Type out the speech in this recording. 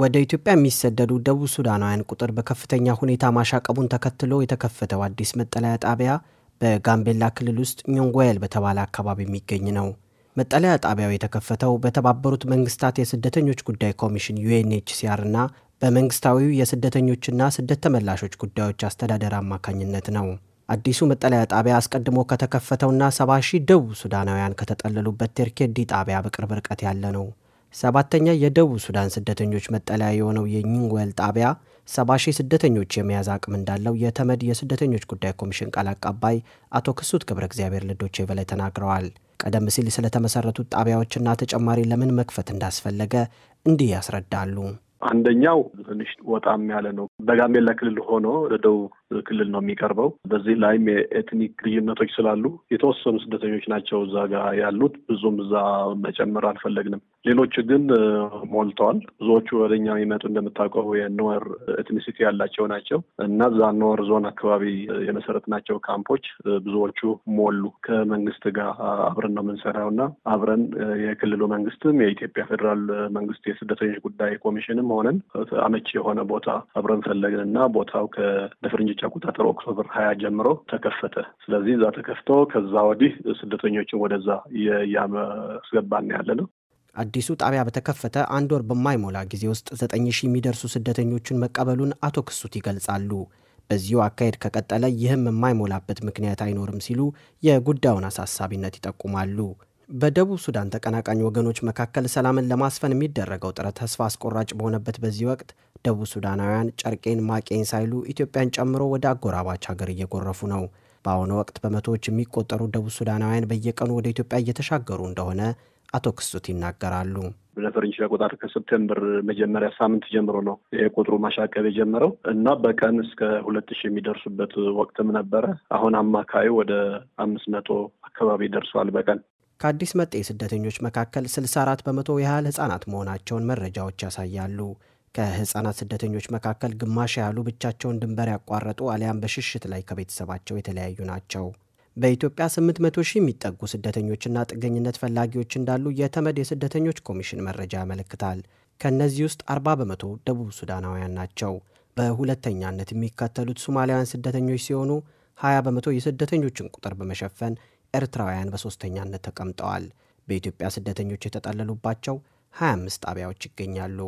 ወደ ኢትዮጵያ የሚሰደዱ ደቡብ ሱዳናውያን ቁጥር በከፍተኛ ሁኔታ ማሻቀቡን ተከትሎ የተከፈተው አዲስ መጠለያ ጣቢያ በጋምቤላ ክልል ውስጥ ኞንጓየል በተባለ አካባቢ የሚገኝ ነው። መጠለያ ጣቢያው የተከፈተው በተባበሩት መንግስታት የስደተኞች ጉዳይ ኮሚሽን ዩኤንኤችሲአር እና በመንግስታዊው የስደተኞችና ስደት ተመላሾች ጉዳዮች አስተዳደር አማካኝነት ነው። አዲሱ መጠለያ ጣቢያ አስቀድሞ ከተከፈተውና ሰባ ሺህ ደቡብ ሱዳናውያን ከተጠለሉበት ቴርኬዲ ጣቢያ በቅርብ ርቀት ያለ ነው። ሰባተኛ የደቡብ ሱዳን ስደተኞች መጠለያ የሆነው የኝንጎል ጣቢያ ሰባ ሺህ ስደተኞች የመያዝ አቅም እንዳለው የተመድ የስደተኞች ጉዳይ ኮሚሽን ቃል አቀባይ አቶ ክሱት ገብረ እግዚአብሔር ልዶቼ በላይ ተናግረዋል። ቀደም ሲል ስለተመሰረቱት ጣቢያዎችና ተጨማሪ ለምን መክፈት እንዳስፈለገ እንዲህ ያስረዳሉ። አንደኛው ትንሽ ወጣም ያለ ነው። በጋምቤላ ክልል ሆኖ ለደቡብ ክልል ነው የሚቀርበው። በዚህ ላይም የኤትኒክ ልዩነቶች ስላሉ የተወሰኑ ስደተኞች ናቸው እዛ ጋር ያሉት። ብዙም እዛ መጨመር አልፈለግንም። ሌሎቹ ግን ሞልተዋል። ብዙዎቹ ወደኛ የሚመጡ እንደምታውቀው የኖወር ኤትኒሲቲ ያላቸው ናቸው እና እዛ ኖወር ዞን አካባቢ የመሰረት ናቸው ካምፖች ብዙዎቹ ሞሉ። ከመንግስት ጋር አብረን ነው የምንሰራው እና አብረን የክልሉ መንግስትም የኢትዮጵያ ፌዴራል መንግስት የስደተኞች ጉዳይ ኮሚሽንም ሆነን አመቺ የሆነ ቦታ አብረን ፈለግን እና ቦታው ከደፍርንጅ አቆጣጠር ኦክቶበር ሀያ ጀምሮ ተከፈተ። ስለዚህ እዛ ተከፍቶ ከዛ ወዲህ ስደተኞችን ወደዛ እያስገባን ያለ ነው። አዲሱ ጣቢያ በተከፈተ አንድ ወር በማይሞላ ጊዜ ውስጥ ዘጠኝ ሺህ የሚደርሱ ስደተኞቹን መቀበሉን አቶ ክሱት ይገልጻሉ። በዚሁ አካሄድ ከቀጠለ ይህም የማይሞላበት ምክንያት አይኖርም ሲሉ የጉዳዩን አሳሳቢነት ይጠቁማሉ። በደቡብ ሱዳን ተቀናቃኝ ወገኖች መካከል ሰላምን ለማስፈን የሚደረገው ጥረት ተስፋ አስቆራጭ በሆነበት በዚህ ወቅት ደቡብ ሱዳናውያን ጨርቄን ማቄን ሳይሉ ኢትዮጵያን ጨምሮ ወደ አጎራባች ሀገር እየጎረፉ ነው። በአሁኑ ወቅት በመቶዎች የሚቆጠሩ ደቡብ ሱዳናውያን በየቀኑ ወደ ኢትዮጵያ እየተሻገሩ እንደሆነ አቶ ክሱት ይናገራሉ። በፈረንጅ አቆጣጠር ከሰፕቴምበር መጀመሪያ ሳምንት ጀምሮ ነው ይሄ ቁጥሩ ማሻቀብ የጀመረው እና በቀን እስከ ሁለት ሺህ የሚደርሱበት ወቅትም ነበረ። አሁን አማካዩ ወደ አምስት መቶ አካባቢ ደርሷል በቀን ከአዲስ መጤ ስደተኞች መካከል 64 በመቶ ያህል ሕፃናት መሆናቸውን መረጃዎች ያሳያሉ። ከሕፃናት ስደተኞች መካከል ግማሽ ያህሉ ብቻቸውን ድንበር ያቋረጡ አሊያም በሽሽት ላይ ከቤተሰባቸው የተለያዩ ናቸው። በኢትዮጵያ 800 ሺህ የሚጠጉ ስደተኞችና ጥገኝነት ፈላጊዎች እንዳሉ የተመድ የስደተኞች ኮሚሽን መረጃ ያመለክታል። ከእነዚህ ውስጥ 40 በመቶ ደቡብ ሱዳናውያን ናቸው። በሁለተኛነት የሚከተሉት ሶማሊያውያን ስደተኞች ሲሆኑ 20 በመቶ የስደተኞችን ቁጥር በመሸፈን ኤርትራውያን በሦስተኛነት ተቀምጠዋል። በኢትዮጵያ ስደተኞች የተጠለሉባቸው 25 ጣቢያዎች ይገኛሉ።